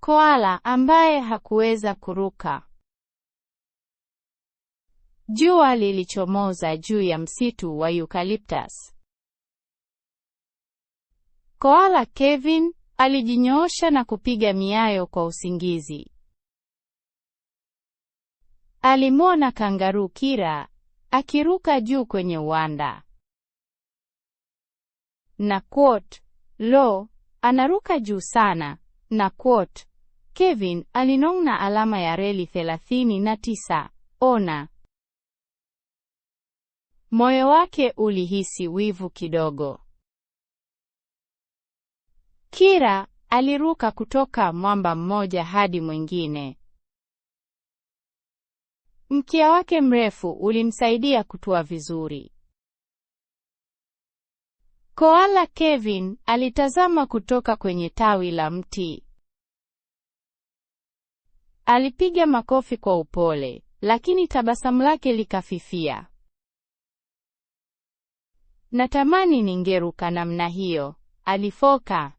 Koala ambaye hakuweza kuruka. Jua lilichomoza juu ya msitu wa eucalyptus. Koala Kevin alijinyoosha na kupiga miayo kwa usingizi. Alimwona kangaruu Kira akiruka juu kwenye uwanda. Na quote, lo, anaruka juu sana. Na quote, Kevin alinong'na alama ya reli thelathini na Ona. Moyo wake ulihisi wivu kidogo. Kira aliruka kutoka mwamba mmoja hadi mwingine. Mkia wake mrefu ulimsaidia kutua vizuri. Koala Kevin alitazama kutoka kwenye tawi la mti. Alipiga makofi kwa upole, lakini tabasamu lake likafifia. Natamani ningeruka namna hiyo, alifoka.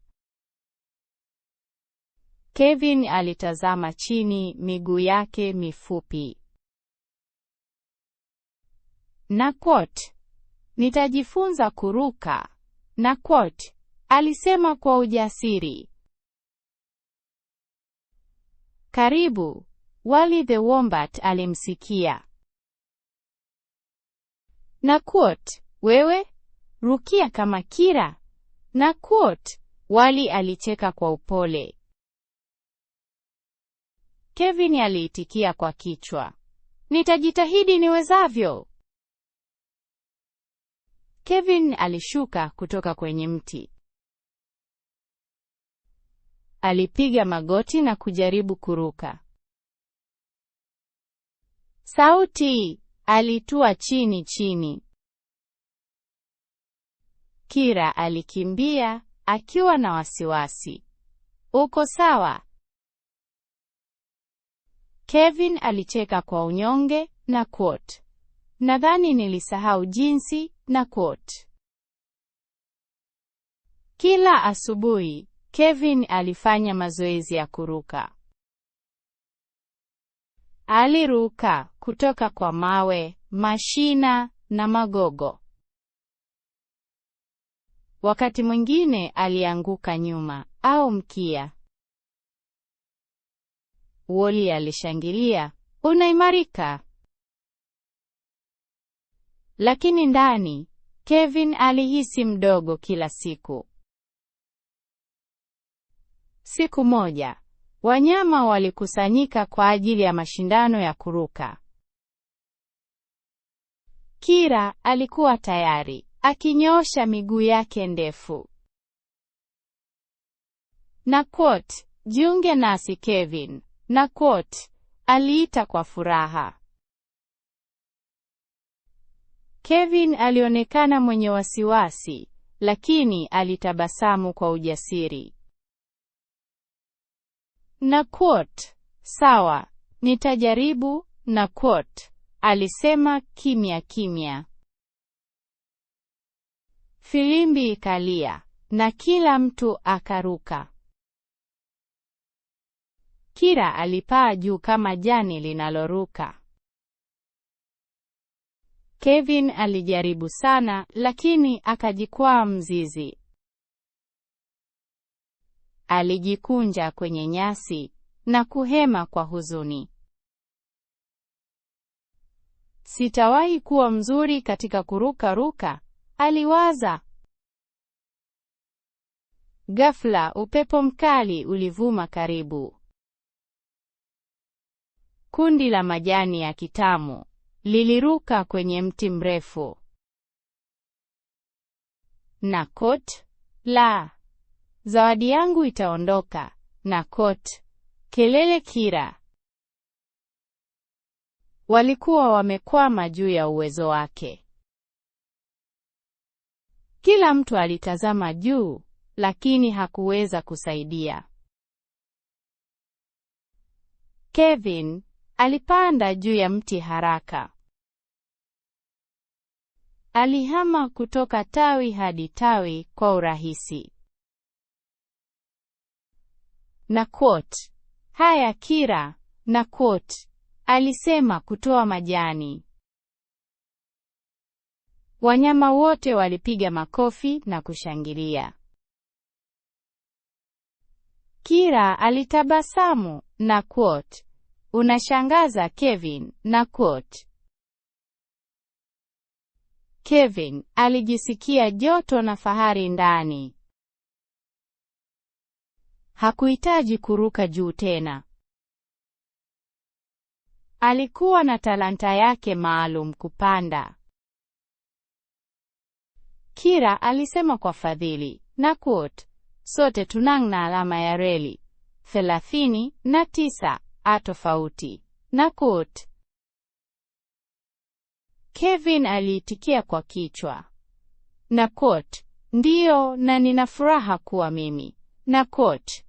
Kevin alitazama chini, miguu yake mifupi. Na quote, nitajifunza kuruka. Na quote, alisema kwa ujasiri. Karibu, Wally the Wombat alimsikia na quote, wewe rukia kama Kira na quote, Wally alicheka kwa upole. Kevin aliitikia kwa kichwa, nitajitahidi niwezavyo. Kevin alishuka kutoka kwenye mti. Alipiga magoti na kujaribu kuruka. Sauti! Alitua chini chini. Kira alikimbia akiwa na wasiwasi. Uko sawa? Kevin alicheka kwa unyonge na quote, nadhani nilisahau jinsi na quote. Kila asubuhi Kevin alifanya mazoezi ya kuruka. Aliruka kutoka kwa mawe, mashina na magogo. Wakati mwingine alianguka nyuma au mkia. Woli alishangilia, unaimarika. Lakini ndani, Kevin alihisi mdogo kila siku. Siku moja wanyama walikusanyika kwa ajili ya mashindano ya kuruka. Kira alikuwa tayari akinyoosha miguu yake ndefu. Na quote, jiunge nasi Kevin, na quote, aliita kwa furaha. Kevin alionekana mwenye wasiwasi, lakini alitabasamu kwa ujasiri na quote, sawa, nitajaribu na quote, alisema kimya kimya. Filimbi ikalia na kila mtu akaruka. Kira alipaa juu kama jani linaloruka. Kevin alijaribu sana lakini akajikwaa mzizi. Alijikunja kwenye nyasi na kuhema kwa huzuni. Sitawahi kuwa mzuri katika kuruka ruka, aliwaza. Ghafla upepo mkali ulivuma karibu. Kundi la majani ya kitamu liliruka kwenye mti mrefu na kot la zawadi yangu itaondoka na kot. Kelele kira. Walikuwa wamekwama juu ya uwezo wake. Kila mtu alitazama juu, lakini hakuweza kusaidia. Kevin alipanda juu ya mti haraka. Alihama kutoka tawi hadi tawi kwa urahisi na quote, haya Kira na quote, alisema kutoa majani. Wanyama wote walipiga makofi na kushangilia. Kira alitabasamu na quote, unashangaza Kevin na quote. Kevin alijisikia joto na fahari ndani. Hakuhitaji kuruka juu tena. Alikuwa na talanta yake maalum kupanda. Kira alisema kwa Fadhili na quote, sote tunang'na alama ya reli thelathini na tisa a tofauti na quote. Kevin aliitikia kwa kichwa na quote, ndiyo na nina furaha kuwa mimi na quote.